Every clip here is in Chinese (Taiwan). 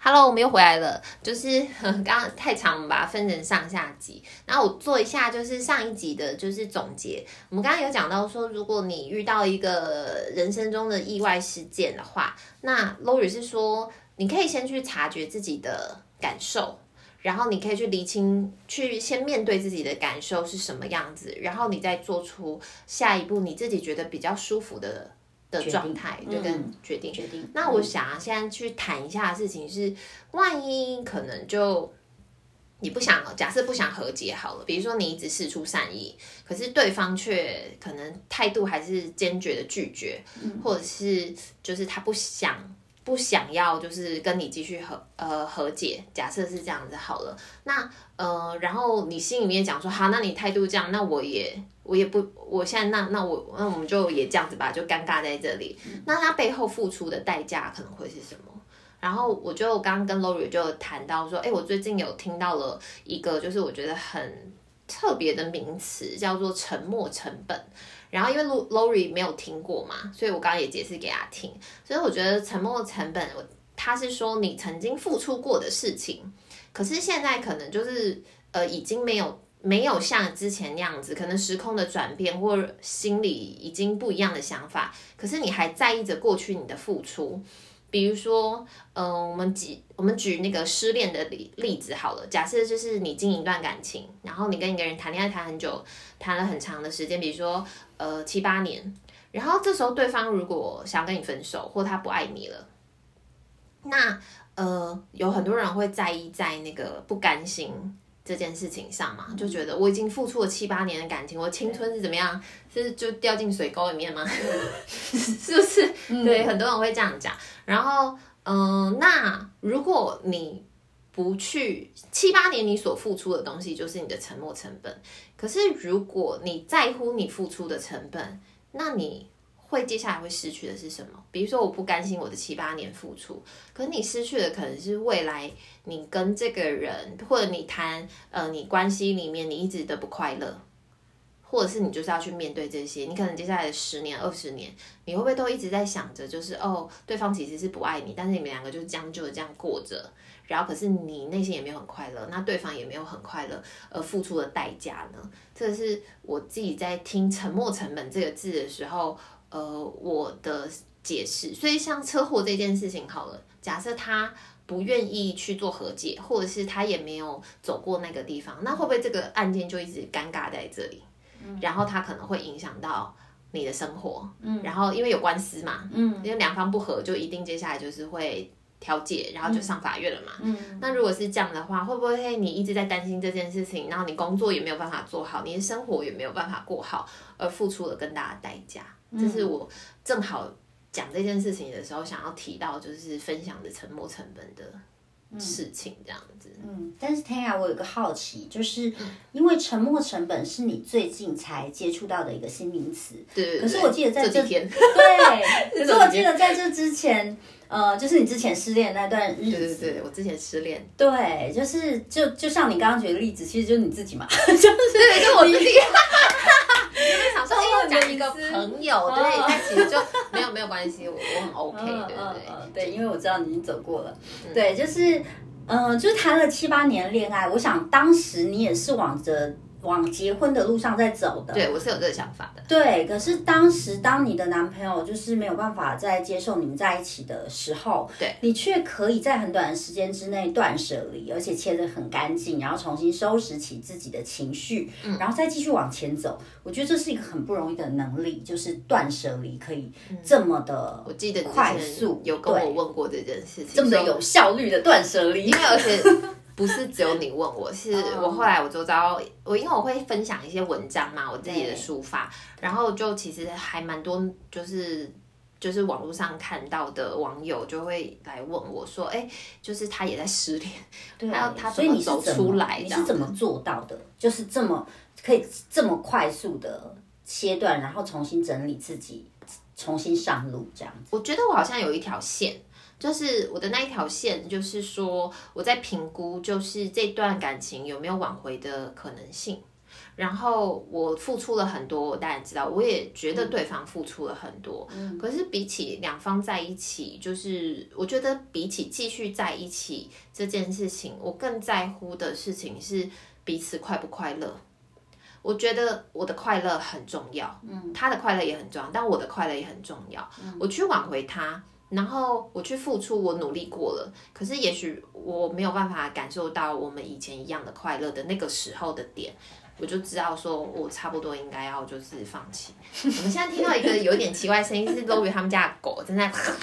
哈嘍，Hello, 我們又回來了。就是剛剛太長吧，我們把它分成上下集。然後我做一下，就是上一集的，就是總結。我們剛剛有講到說，如果你遇到一個人生中的意外事件的話，那 Laurie 是說，你可以先去察覺自己的感受，然後你可以去理清，去先面對自己的感受是什麼樣子，然後你再做出下一步你自己覺得比較舒服的。的狀態，就對跟決定、嗯、決定。那我想啊，現在去談一下的事情是，嗯、萬一可能就你不想，假設不想和解好了。比如說你一直釋出善意，可是對方卻可能態度還是堅決的拒絕，或者是就是他不想。不想要就是跟你繼續和呃和解，假設是這樣子好了，那呃然後你心裡面講說好、啊，那你態度這樣，那我也我也不我現在那那我那我們就也這樣子吧，就尷尬在這裡。那他背後付出的代價可能會是什麼？然後我就剛剛跟 Laurie 就談到說，哎，我最近有聽到了一個就是我覺得很特別的名詞，叫做沉沒成本。然後因為 Laurie 沒有聽過嘛，所以我剛剛也解釋給他聽。所以我覺得沉沒的成本，它他是說你曾經付出過的事情，可是現在可能就是呃已經沒有沒有像之前那樣子，可能時空的轉變或心裡已經不一樣的想法，可是你還在意着過去你的付出。比如說，嗯、呃，我們舉我們舉那個失戀的例例子好了。假設就是你經營一段感情，然後你跟一個人談戀愛談很久，談了很長的時間，比如說呃七八年，然後這時候對方如果想跟你分手，或他不愛你了，那呃有很多人會在意在那個不甘心。這件事情上嘛，就覺得我已經付出了七八年的感情，我青春是怎麼樣，對是，是就掉進水溝裡面嗎？ 是不是？對，很多人會這樣講。然後，嗯、呃，那如果你不去七八年，你所付出的東西就是你的沈沒成本。可是如果你在乎你付出的成本，那你。會接下來會失去的是什麼？比如說，我不甘心我的七八年付出，可是你失去的可能是未來你跟這個人或者你談呃你關係裡面你一直都不快樂，或者是你就是要去面對這些，你可能接下來的十年二十年，你會不會都一直在想着就是哦對方其實是不愛你，但是你們兩個就是將就這樣過着，然後可是你內心也沒有很快樂，那對方也沒有很快樂，而付出的代價呢？這是我自己在聽“沈沒成本”這個字的時候。呃，我的解釋，所以像車禍這件事情，好了，假設他不願意去做和解，或者是他也沒有走過那個地方，那會不會這個案件就一直尷尬在這裡？嗯，然後他可能會影響到你的生活，嗯，然後因為有官司嘛，嗯，因為兩方不合，就一定接下來就是會調解，然後就上法院了嘛，嗯，嗯，那如果是這樣的話，會不會你一直在擔心這件事情，然後你工作也沒有辦法做好，你的生活也沒有辦法過好，而付出了更大的代價？就是我正好講這件事情的時候，想要提到就是分享的沉沒成本的事情這樣子。嗯，但是彈雅，我有個好奇，就是因為沉沒成本是你最近才接觸到的一個新名詞。對，對，對。可是我記得在這，這幾天對。可是我記得在這之前， 呃，就是你之前失戀那段日子。對對對，我之前失戀。對，就是就就像你剛剛舉的例子，其實就是你自己嘛。 就是對，就我自己。 想說我的，欸、一個朋友，哦、對，他其實就沒有沒有關係，我我很 OK，哦、對不對？嗯、對，因為我知道你已經走過了，對，就是，嗯、呃，就是談了七八年戀愛，我想當時你也是往着。往結婚的路上在走的，對，我是有這個想法的。對，可是當時當你的男朋友就是沒有辦法再接受你們在一起的時候，對，你卻可以在很短的時間之內斷舍離，而且切得很乾淨，然後重新收拾起自己的情緒，嗯、然後再繼續往前走。我覺得這是一個很不容易的能力，就是斷舍離可以這麼的快速、嗯，我記得你有跟我問過對這件事情，這麼的有效率的斷舍離，因為而且。 不是只有你問我，是我後來我就知道，我因為我會分享一些文章嘛，我自己的抒發，然後就其實還蠻多，就是就是網絡上看到的網友就會來問我說，哎，就是他也在失戀，對，他他怎麼走出來？你是怎麼做到的？就是這麼可以這麼快速的切斷，然後重新整理自己，重新上路這樣子。我覺得我好像有一條線。就是我的那一條線，就是說我在評估，就是這段感情有沒有挽回的可能性。然後我付出了很多，我當然知道，我也覺得對方付出了很多。可是比起兩方在一起，就是我覺得比起繼續在一起這件事情，我更在乎的事情是彼此快不快樂。我覺得我的快樂很重要，嗯，他的快樂也很重要，但我的快樂也很重要。我去挽回他，然後我去付出，我努力過了，可是也許我沒有辦法感受到我們以前一樣的快樂的那個時候的點，我就知道說我差不多應該要就是放棄。 我們現在聽到一個有點奇怪的聲音，是 Laurie 他們家的狗正在，它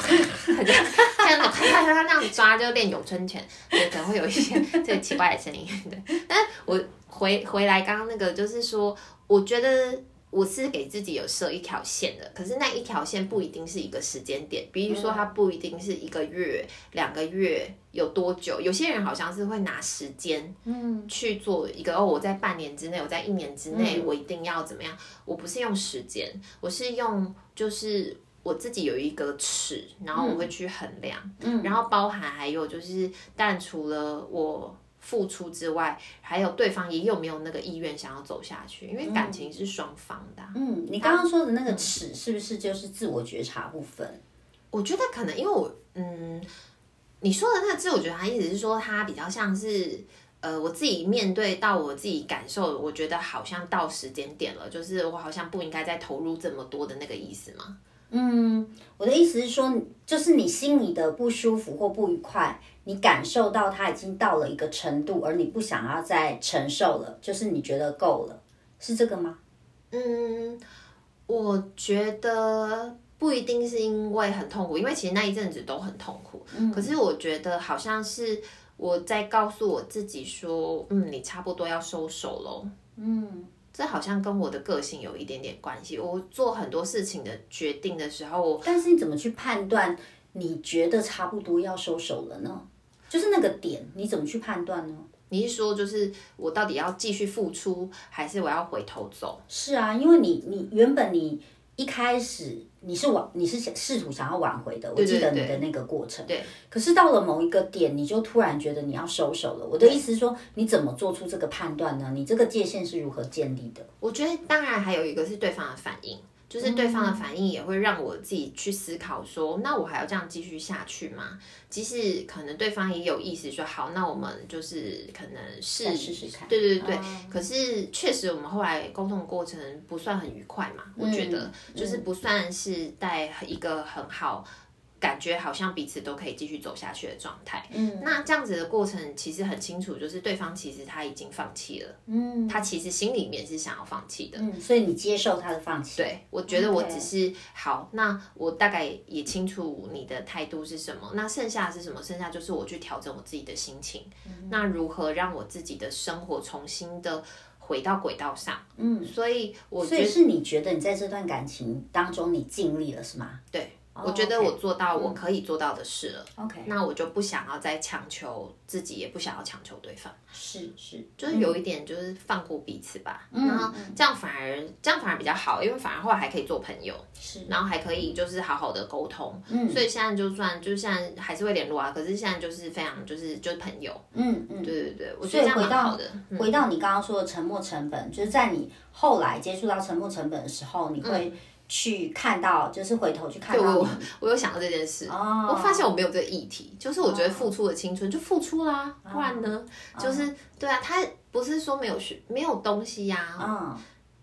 它這樣抓就練詠春拳，可能會有一些這奇怪的聲音的。對。但我回回來剛剛那個就是說，我覺得。我是給自己有設一條線的，可是那一條線不一定是一個時間點，比如說它不一定是一個月、兩個月，有多久。有些人好像是會拿時間，嗯，去做一個哦，我在半年之內，我在一年之內，嗯，我一定要怎麼樣？我不是用時間，我是用就是我自己有一個尺，然後我會去衡量，嗯，嗯，然後包含還有就是，但除了我。付出之外，還有對方也有沒有那個意願想要走下去？因為感情是雙方的啊。嗯，你剛剛說的那個尺是不是就是自我覺察部分？我覺得可能，因為我嗯，你說的那個字，我覺得他意思是說，他比較像是呃，我自己面對到我自己感受，我覺得好像到時間點了，就是我好像不應該再投入這麼多的那個意思嗎？嗯，我的意思是說，就是你心裡的不舒服或不愉快，你感受到它已經到了一個程度，而你不想要再承受了，就是你覺得夠了，是這個嗎？嗯，我覺得不一定是因為很痛苦，因為其實那一陣子都很痛苦，嗯，可是我覺得好像是我在告訴我自己說，嗯，你差不多要收手嘍，嗯。這好像跟我的個性有一點點關係。我做很多事情的決定的時候，但是你怎麼去判斷，你覺得差不多要收手了呢？就是那個點，你怎麼去判斷呢？你是說，就是我到底要繼續付出，還是我要回頭走？是啊，因為你，你原本你一開始。你是挽，你是想試圖想要挽回的。對對對，我記得你的那個過程。對，對，對，對，可是到了某一個點，你就突然覺得你要收手了。我的意思是說，對你怎麼做出這個判斷呢？你這個界限是如何建立的？我覺得，當然還有一個是對方的反應。就是對方的反應也會讓我自己去思考說，說、嗯、那我還要這樣繼續下去嗎？即使可能對方也有意思，說好，那我們就是可能是再試試看，對對對。哦、可是確實，我們後來溝通的過程不算很愉快嘛，嗯、我覺得就是不算是帶一個很好。嗯嗯感覺好像彼此都可以繼續走下去的狀態。嗯，那這樣子的過程其實很清楚，就是對方其實他已經放棄了。嗯，他其實心裡面是想要放棄的。嗯，所以你接受他的放棄。對，我覺得我只是 Okay. 好。那我大概也清楚你的態度是什麼？那剩下是什麼？剩下就是我去調整我自己的心情。嗯，那如何讓我自己的生活重新的回到軌道上？嗯，所以我覺得，所以是你覺得你在這段感情當中你盡力了是嗎？對。我覺得我做到我可以做到的事了，那我就不想要再強求自己，也不想要強求對方。是是，就是有一點就是放過彼此吧，然後這樣反而這樣反而比較好，因為反而後來還可以做朋友。是，然後還可以就是好好的溝通。嗯，所以現在就算就是現在還是會聯絡啊，可是現在就是非常就是就朋友。嗯嗯，對對對，我覺得這樣蠻好的。回到你剛剛說的沉沒成本，就是在你後來接觸到沉沒成本的時候，你會。去看到，就是回頭去看。對我，我有想到這件事。哦，oh, 我發現我沒有這個議題，就是我覺得付出的青春、oh. 就付出啦、啊，不、oh. 然呢？就是、oh. 對啊，他不是說沒有學沒有東西呀、啊。嗯。Oh.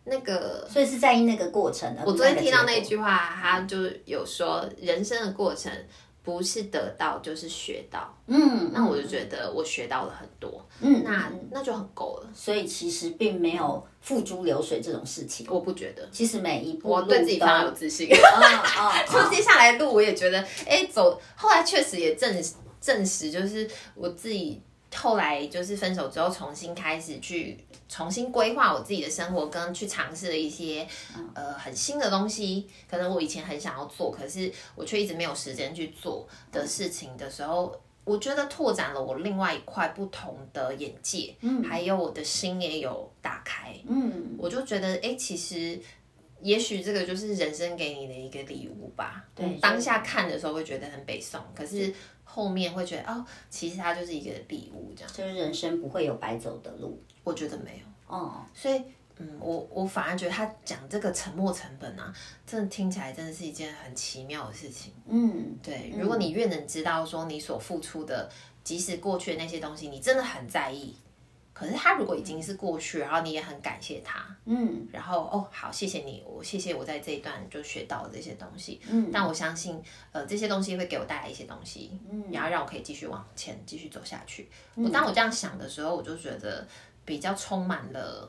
那個，所以是在意那個過程的。我昨天聽到那句話，他就有說人生的過程。不是得到就是學到，嗯，那我就覺得我學到了很多，嗯，那那就很夠了，所以其實並沒有付諸流水這種事情，我不覺得。其實每一步，我對自己非常有自信，就接下來路我也覺得，哎、欸，走，後來確實也證證實，就是我自己。後來就是分手之後，重新開始去重新規劃我自己的生活，跟去嘗試了一些呃很新的東西。可能我以前很想要做，可是我卻一直沒有時間去做的事情的時候，我覺得拓展了我另外一塊不同的眼界，嗯，還有我的心也有打開，嗯，我就覺得欸，其實。也許這個就是人生給你的一個禮物吧。對，當下看的時候會覺得很悲痛，對可是後面會覺得是哦，其實它就是一個禮物，這樣。就是人生不會有白走的路，我覺得沒有。哦，所以，嗯，我我反而覺得他講這個沉沒成本啊，真的聽起來真的是一件很奇妙的事情。嗯，對。如果你越能知道說你所付出的，即使過去的那些東西，你真的很在意。可是他如果已經是過去，然後你也很感謝他，嗯，然後哦好，謝謝你，我謝謝我在這一段就學到了這些東西，嗯，但我相信，呃，這些東西會給我帶來一些東西，嗯，然後讓我可以繼續往前，繼續走下去。嗯，我當我這樣想的時候，我就覺得比較充滿了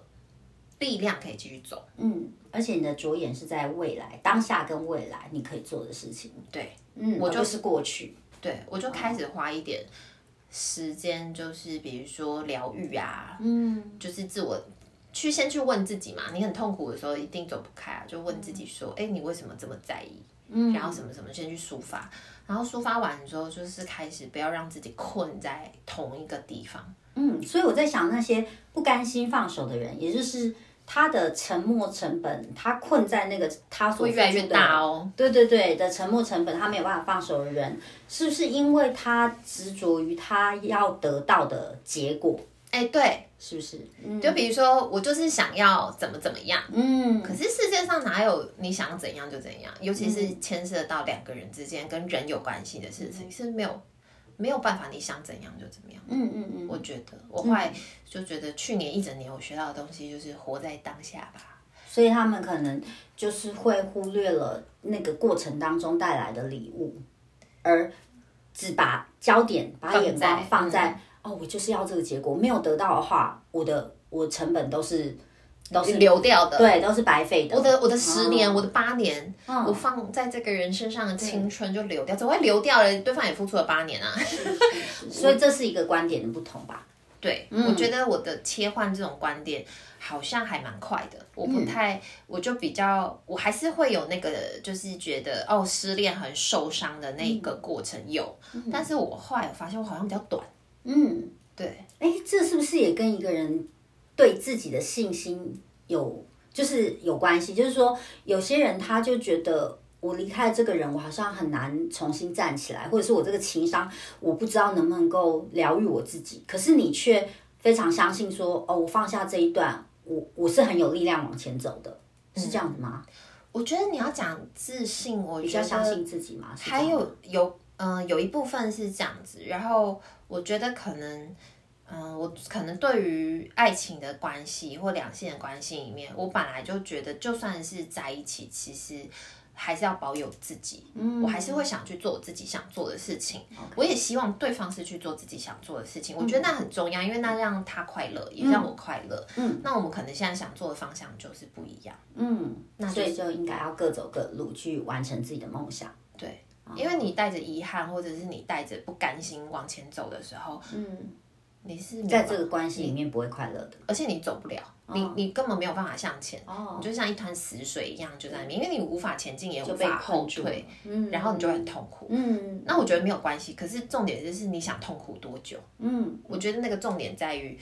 力量，可以繼續走，嗯，而且你的着眼是在未來，當下跟未來你可以做的事情，對，嗯，我就是過去，對我就開始花一點。嗯時間就是，比如說療癒啊，嗯，就是自我去先去問自己嘛。你很痛苦的時候，一定走不開啊，就問自己說，哎，你為什麼這麼在意？嗯，然後什麼什麼，先去抒發，然後抒發完之後，就是開始不要讓自己困在同一個地方。嗯，所以我在想那些不甘心放手的人，也就是。他的沉沒成本，他困在那個他所會越來越大哦，對對對的沉沒成本，他沒有辦法放手的人，是不是因為他執着於他要得到的結果？哎、欸，對，是不是？嗯、就比如說，我就是想要怎麼怎麼樣，嗯，可是世界上哪有你想怎樣就怎樣？尤其是牽涉到兩個人之間跟人有關係的事情、嗯、是沒有。沒有辦法，你想怎樣就怎麼樣，嗯。嗯嗯嗯，我覺得我後來就覺得去年一整年我學到的東西就是活在當下吧。所以他們可能就是會忽略了那個過程當中帶來的禮物，而只把焦點把眼光放在，放在哦，我就是要這個結果，沒有得到的話，我的我的成本都是，都是流掉的，對，都是白費的。我的我的十年，我的八年，我放在這個人身上的青春就流掉，怎麼會流掉了？對方也付出了八年啊，所以這是一個觀點的不同吧？對，我覺得我的切換這種觀點好像還蠻快的，我不太，我就比較，我還是會有那個，就是覺得哦，失戀很受傷的那個過程有，但是我後來我發現我好像比較短，嗯，對，哎，這是不是也跟一個人？對自己的信心有，就是有關係。就是說，有些人他就覺得，我離開這個人，我好像很難重新站起來，或者是我這個情商，我不知道能不能夠療癒我自己。可是你卻非常相信說，說哦，我放下這一段，我我是很有力量往前走的，是這樣子嗎？嗯、我覺得你要講自信，你要相信自己嘛。嗎還有有，嗯、呃，有一部分是這樣子，然後我覺得可能。嗯，我可能對於愛情的關係或兩性的關係裡面，我本來就覺得，就算是在一起，其實還是要保有自己。嗯，我還是會想去做我自己想做的事情。Okay. 我也希望對方是去做自己想做的事情。我覺得那很重要，嗯，因為那讓他快樂，也讓我快樂。嗯，那我們可能現在想做的方向就是不一樣。嗯，那、就是、所以就應該要各走各路，去完成自己的夢想。嗯，對，因為你帶着遺憾，或者是你帶着不甘心往前走的時候，嗯。你是在這個關係裡面不會快樂的，而且你走不了，oh. 你你根本沒有辦法向前，oh. 你就像一灘死水一樣就在那裡，因為你無法前進，也無法被後退，嗯，然後你就會很痛苦，嗯，那我覺得沒有關係，可是重點就是你想痛苦多久，嗯，我覺得那個重點在於。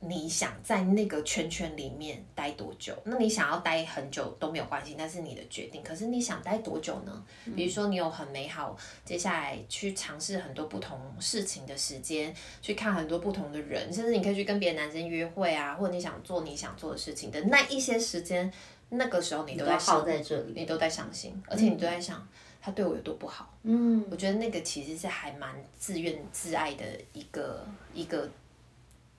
你想在那個圈圈裡面待多久？那你想要待很久都沒有關係，那是你的決定。可是你想待多久呢？比如說你有很美好，接下來去嘗試很多不同事情的時間，去看很多不同的人，甚至你可以去跟別的男生約會啊，或者你想做你想做的事情的那一些時間，那個時候你都在，你都耗在這裡，你都在傷心，而且你都在想他對我有多不好。嗯，我覺得那個其實是還蠻自怨自艾的一個一個。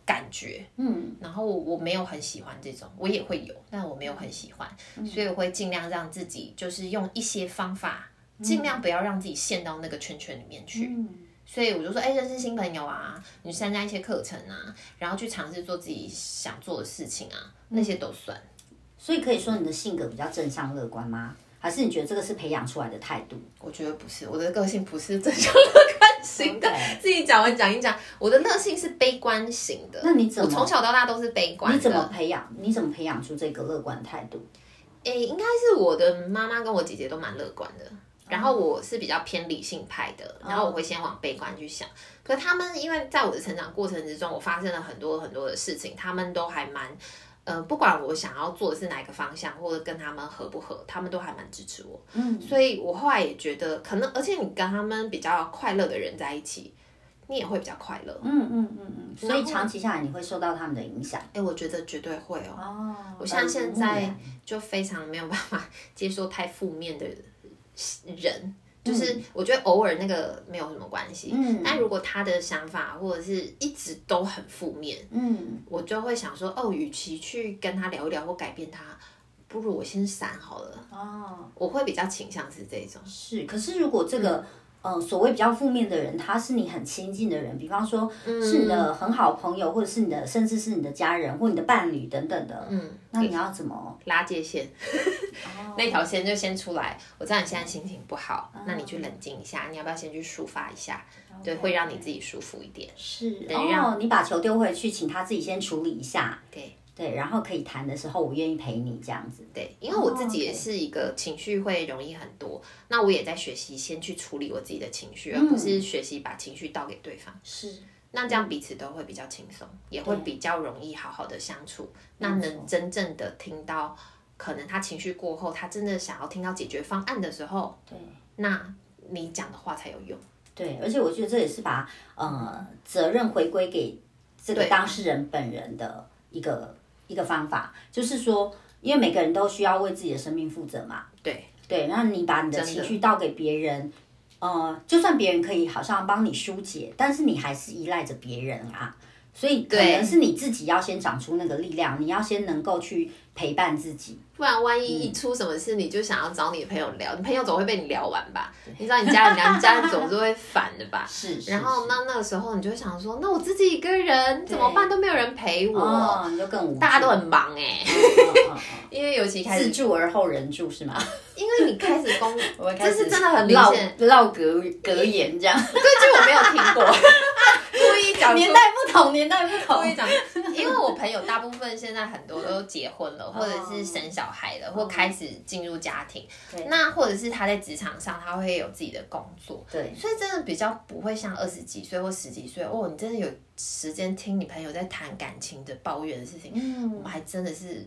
感覺，嗯，然後我沒有很喜歡這種，我也會有，但我沒有很喜歡，嗯、所以我會盡量讓自己就是用一些方法，嗯、盡量不要讓自己陷到那個圈圈裡面去。嗯、所以我就說，哎、欸，認識新朋友啊，你參加一些課程啊，然後去嘗試做自己想做的事情啊，嗯、那些都算。所以可以說你的性格比較正向樂觀嗎？還是你覺得這個是培養出來的態度？我覺得不是，我的個性不是正向樂觀。行，Okay. 自己講完講一講。我的樂性是悲觀型的，那你怎麼我從小到大都是悲觀的。你？你怎麼培養？你怎麼培養出這個樂觀態度？誒、欸，應該是我的媽媽跟我姐姐都蠻樂觀的，然後我是比較偏理性派的，Oh. 然後我會先往悲觀去想。Oh. 可是他們因為在我的成長過程之中，我發生了很多很多的事情，他們都還蠻。嗯、呃，不管我想要做的是哪個方向，或者跟他們合不合，他們都還蠻支持我。嗯，所以我後來也覺得可能，而且你跟他們比較快樂的人在一起，你也會比較快樂。嗯嗯嗯嗯，所以長期下來你會受到他們的影響。誒、欸，我覺得絕對會、喔、哦。哦，我像現在就非常沒有辦法接受太負面的人。就是我覺得偶爾那個沒有什麼關係，嗯，但如果他的想法或者是一直都很負面，嗯，我就會想說，哦，與其去跟他聊一聊或改變他，不如我先閃好了，哦，我會比較傾向是這一種，是，可是如果這個，嗯嗯，所謂比較負面的人，他是你很親近的人，比方說是你的很好朋友，嗯、或者是你的，甚至是你的家人或者你的伴侶等等的。嗯，那你要怎麼拉界線？ 哦、 那條線就先出來。我知道你現在心情不好，哦、那你去冷靜一下。你要不要先去抒發一下？哦、對，會讓你自己舒服一點。是，然後、哦、你把球丟回去，請他自己先處理一下。對。對，然後可以談的時候，我願意陪你這樣子。對，因為我自己也是一個、哦 okay、情緒會容易很多，那我也在學習先去處理我自己的情緒，嗯、而不是學習把情緒倒給對方。是，那這樣彼此都會比較輕鬆，也會比較容易好好的相處。對，那能真正的聽到，可能他情緒過後，他真的想要聽到解決方案的時候，對，那你講的話才有用。對，而且我覺得這也是把呃責任回歸給這個當事人本人的一個。一個方法，就是說，因為每個人都需要為自己的生命負責嘛。對對，那你把你的情緒倒給別人，的呃，就算別人可以好像幫你疏解，但是你還是依賴着別人啊。所以對，可是你自己要先長出那個力量，你要先能夠去陪伴自己，不然萬一一出什麼事，你就想要找你的朋友聊，你朋友總會被你聊完吧？你知道你家人，家人總是會煩的吧？是。然後那那個時候，你就會想說，那我自己一個人怎麼辦？都沒有人陪我，你就更大家都很忙哎。因為尤其開始自助而後人助是嗎？因為你開始工，這是真的很老老格格言這樣，這句話我沒有聽過。想年代不同，年代不同。 因為，我朋友大部分現在很多都結婚了，或者是生小孩了，或開始進入家庭。Okay. 那或者是他在職場上，他會有自己的工作。對，所以真的比較不會像二十幾歲或十幾歲哦，你真的有時間聽你朋友在談感情的抱怨的事情，嗯，我們還真的是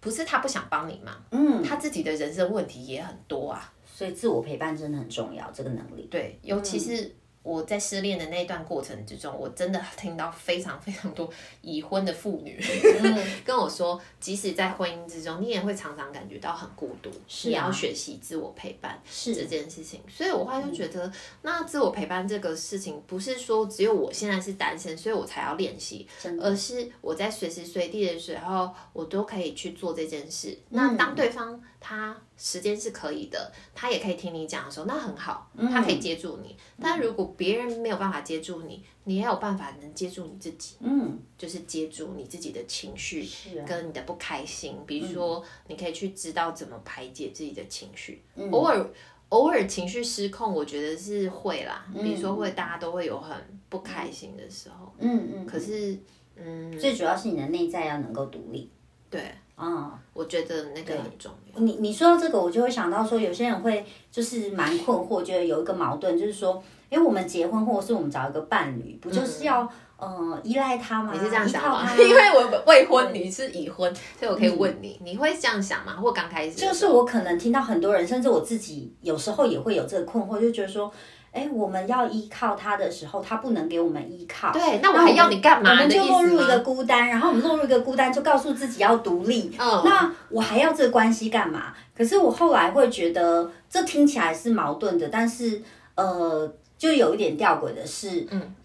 不是他不想幫你忙，嗯，他自己的人生問題也很多啊，所以自我陪伴真的很重要，這個能力，對，尤其是。我在失戀的那段過程之中，我真的聽到非常非常多已婚的婦女 跟我說，即使在婚姻之中，你也會常常感覺到很孤獨，是啊、也要學習自我陪伴是這件事情。是所以，我後來就覺得，嗯、那自我陪伴這個事情，不是說只有我現在是單身，所以我才要練習，真的而是我在隨時隨地的時候，我都可以去做這件事。嗯、那當對方他時間是可以的，他也可以聽你講的時候，那很好，他可以接住你。嗯、但如果別人沒有辦法接住你，你也有辦法能接住你自己。嗯，就是接住你自己的情緒跟你的不開心。啊、比如說，你可以去知道怎麼排解自己的情緒。嗯、偶爾，偶爾情緒失控，我覺得是會啦。嗯、比如說，會大家都會有很不開心的時候。嗯嗯。嗯，可是，嗯，最主要是你的內在要能夠獨立。對。啊、哦，我覺得那個很重要。你你說到這個，我就會想到說，有些人會就是蠻困惑，就 有一個矛盾，就是說。因為我們結婚，或者是我們找一個伴侶，不就是要呃依賴他嗎？你是這樣想嗎？ 因為我未婚，你是已婚，嗯、所以我可以問你，你會這樣想嗎？或剛開始就是我可能聽到很多人，甚至我自己有時候也會有這個困惑，就覺得說，哎、欸，我們要依靠他的時候，他不能給我們依靠，對，那我還要你幹嘛？我們就落入一個孤單，然後我們落入一個孤單，就告訴自己要獨立，uh. 那我還要這個關係幹嘛？可是我後來會覺得，這聽起來是矛盾的，但是呃。就有一點吊詭的是，嗯，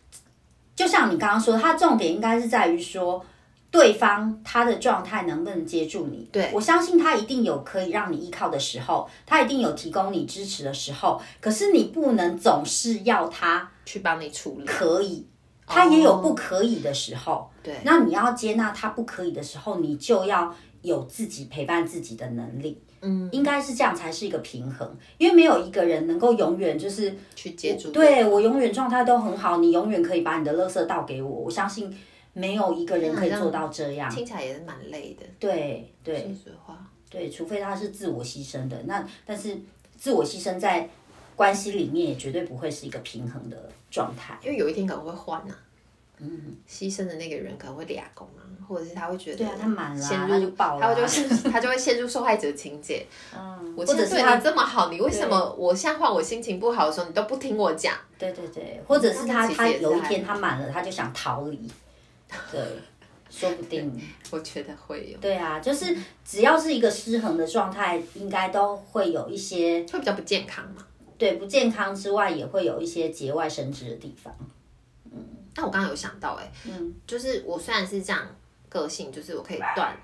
就像你剛剛說，他重點應該是在於說，對方他的狀態能不能接住你？對，我相信他一定有可以讓你依靠的時候，他一定有提供你支持的時候。可是你不能總是要他去幫你處理，可以，他也有不可以的時候，對、哦哦，那你要接納他不可以的時候，你就要。有自己陪伴自己的能力，嗯，應該是這樣才是一個平衡，因為沒有一個人能夠永遠就是去接住。對我永遠狀態都很好，你永遠可以把你的垃圾倒給我，我相信沒有一個人可以做到這樣。聽起來也是蠻累的。對對，說實話，對，除非他是自我犧牲的，那但是自我犧牲在關係裡面也絕對不會是一個平衡的狀態，因為有一天可能會換呢啊。嗯，犧牲的那個人可能會倆公啊，或者是他會覺得對啊，他滿了，他就爆了。就是他就會陷入受害者情結，嗯，或者對他這麼好，你為什麼我像話，我心情不好的時候你都不聽我講？對對對，或者是他他有一天他滿了，他就想逃離，對，說不定我覺得會有。對啊，就是只要是一個失衡的狀態，應該都會有一些，會比較不健康嘛。對，不健康之外，也會有一些節外生枝的地方。那我剛剛有想到哎、欸，嗯，就是我雖然是這樣個性，就是我可以斷、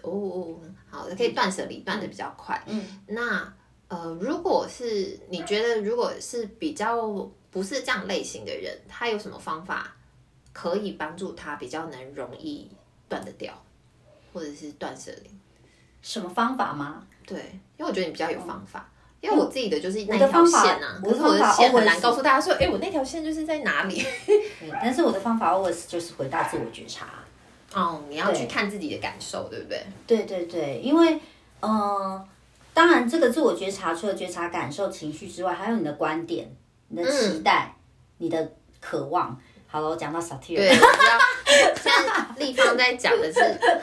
嗯、哦，哦好，可以斷捨離，斷的比較快。嗯，嗯那呃，如果是你覺得，如果是比較不是這樣類型的人，他有什麼方法可以幫助他比較能容易斷得掉，或者是斷捨離？什麼方法嗎？對，因為我覺得你比較有方法。嗯因為我自己的就是那條線、啊嗯，我的，我的，我的線，我很難告訴大家說，哎、嗯欸，我那條線就是在哪裡。但是我的方法 always、right. 就是回到自我覺察。哦、oh，你要去看自己的感受，對不對？對，對對對，因為嗯、呃，當然這個自我覺察除了覺察感受、情緒之外，還有你的觀點、你的期待、嗯、你的渴望。好了，我講到 Satir。剛剛 在講的是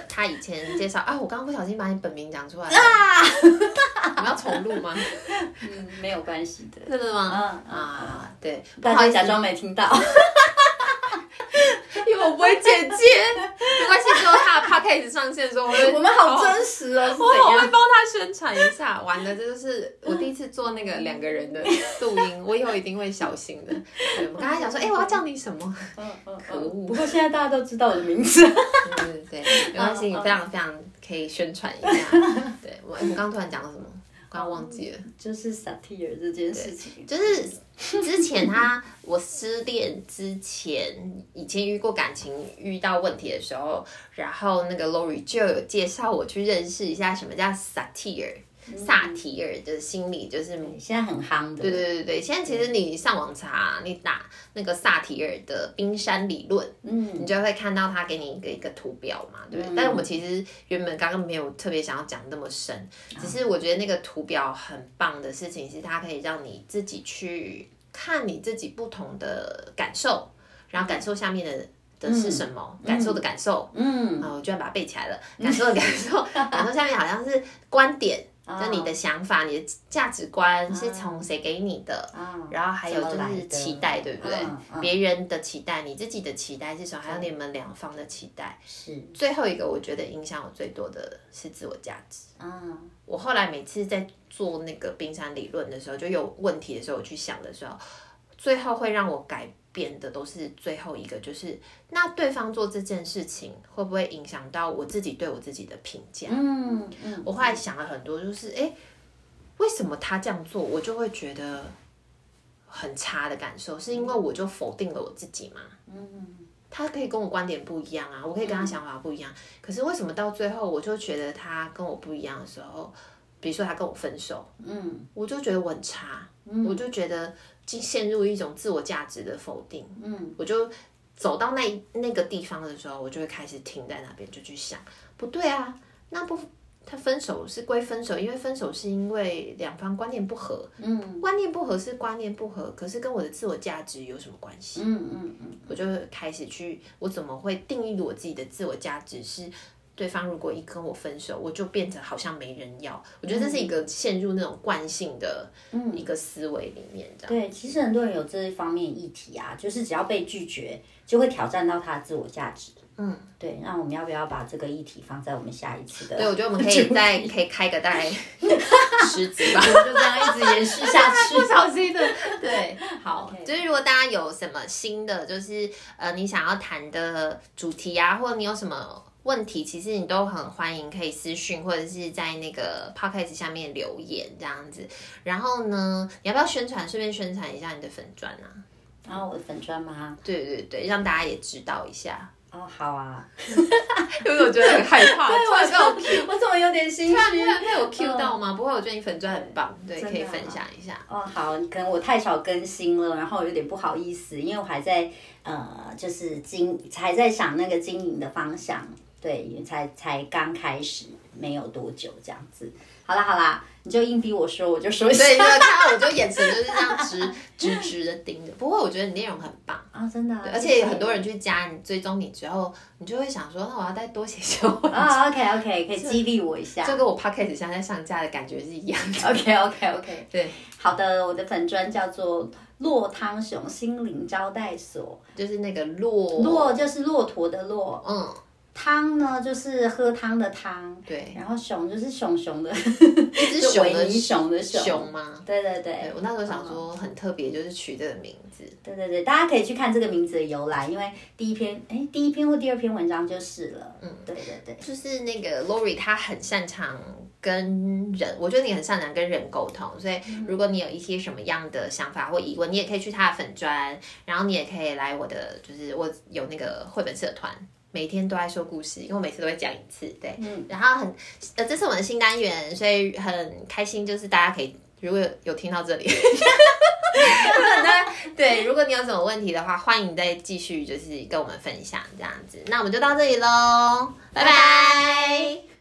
他以前介紹啊，我剛剛不小心把你本名講出來了，啊、 你們要重錄嗎？ 嗯，沒有關係的，真的嗎？啊，對，不好意思，假裝沒聽到。 我不會剪輯，沒關係。之後他的 podcast 上線的時候，我們我們好真實啊，所以我會幫他宣傳一下。完了這就是我第一次做那個兩個人的錄音，我以後一定會小心的。剛剛想說，哎，我要叫你什麼？可惡！不過現在大家都知道我的名字。對對對，沒關係，你非常非常可以宣傳一下。對我，我剛突然講了什麼？剛剛忘記了，哦，就是 Satir 這件事情，就是之前他 我失戀之前，以前遇過感情遇到問題的時候，然後那個 Laurie 就有介紹我去認識一下什麼叫 Satir。薩提爾的心理，就是現在很夯的。對對對對，現在其實你上網查，你打那個薩提爾的冰山理論，嗯，你就會看到他給你一個一個圖表嘛，對不、嗯、對？但是我其實原本剛剛沒有特別想要講那麼深，只是我覺得那個圖表很棒的事情是，它可以讓你自己去看你自己不同的感受，然後感受下面的的是什麼、嗯嗯、感受的感受。嗯，啊、呃，我居然把它背起來了，嗯、感受的感受，嗯、感受下面好像是觀點。就你的想法，oh, 你的價值觀是從誰給你的？Uh, 然後還有就是期待，uh, 對不對？Uh, uh, 別人的期待，你自己的期待是什麼？Uh, 還有你們兩方的期待。是，uh, 最後一個，我覺得影響我最多的是自我價值。嗯，uh, 我後來每次在做那個冰山理論的時候，就有問題的時候我去想的時候。最後會讓我改變的都是最後一個，就是那對方做這件事情會不會影響到我自己對我自己的評價？嗯，嗯嗯，我後來想了很多，就是誒，欸，為什麼他這樣做，我就會覺得很差的感受，是因為我就否定了我自己嘛。嗯，他可以跟我觀點不一樣啊，我可以跟他想法不一樣，嗯，可是為什麼到最後我就覺得他跟我不一樣的時候，比如說他跟我分手，嗯，我就覺得我很差，嗯，我就覺得。進陷入一種自我價值的否定。嗯，我就走到那那個地方的時候，我就會開始停在那邊，就去想，不對啊，那不他分手是歸分手，因為分手是因為兩方觀念不合。嗯，觀念不合是觀念不合，可是跟我的自我價值有什麼關係？嗯，嗯嗯，我就開始去，我怎麼會定義我自己的自我價值是？對方如果一跟我分手，我就變成好像沒人要。我覺得這是一個陷入那種慣性的一個思維裡面。嗯，對。其實很多人有這一方面議題啊，就是只要被拒絕，就會挑戰到他的自我價值。嗯，對。那我們要不要把這個議題放在我們下一次的？對，我覺得我們可以再可以開個大概十集吧， 就這樣一直延續下去。不小心的，對。好，所以 Okay. 如果大家有什麼新的，就是呃，你想要談的主題啊，或者你有什麼。問題其實你都很歡迎，可以私訊或者是在那個 podcast 下面留言這樣子。然後呢，你要不要宣傳？順便宣傳一下你的粉專啊？然後、啊、我的粉專嗎？對對對，讓大家也知道一下。哦，好啊。因為我覺得很害怕。 對，我怎麼被我 Q？ 我怎麼有點心虛？你沒有 Q 到嗎？呃、不會，我覺得你粉專很棒，對，啊、可以分享一下。哦，好，可能我太少更新了，然後有點不好意思，因為我還在呃，就是經還在想那個經營的方向。對，才才剛開始，沒有多久這樣子。好啦好啦，你就硬逼我說，我就說。對，看到我就眼神就是這樣直直直的盯着。不過我覺得你內容很棒啊，真的。而且很多人去加你，追蹤你之後，你就會想說，那我要再多寫寫。啊，OK OK，可以激勵我一下。這個我怕開始像在上架的感覺是一樣的。OK OK OK，對。好的，我的粉專叫做駱湯熊心靈招待所，就是那個駱駱，就是駱駝的駱，嗯。湯呢，就是喝湯的湯。對，然後熊，就是熊熊的，一隻熊，熊的熊的熊嗎？對對對，對，我那時候想說很特別，嗯、就是取這個名字。對對對，大家可以去看這個名字的由來，因為第一篇，誒第一篇或第二篇文章就是了。嗯，對對對，就是那個 Laurie，他很擅長跟人，我覺得你很擅長跟人溝通，所以如果你有一些什麼樣的想法、嗯、或疑問，你也可以去他的粉專，然後你也可以來我的，就是我有那個繪本社團。每天都愛說故事，因為每次都會講一次，對，嗯，然後很呃，這是我們的新單元，所以很開心，就是大家可以如果有，有聽到這裡，哈哈哈哈對，如果你有什麼問題的話，歡迎你再繼續就是跟我們分享這樣子，那我們就到這裡嘍，拜拜。拜拜。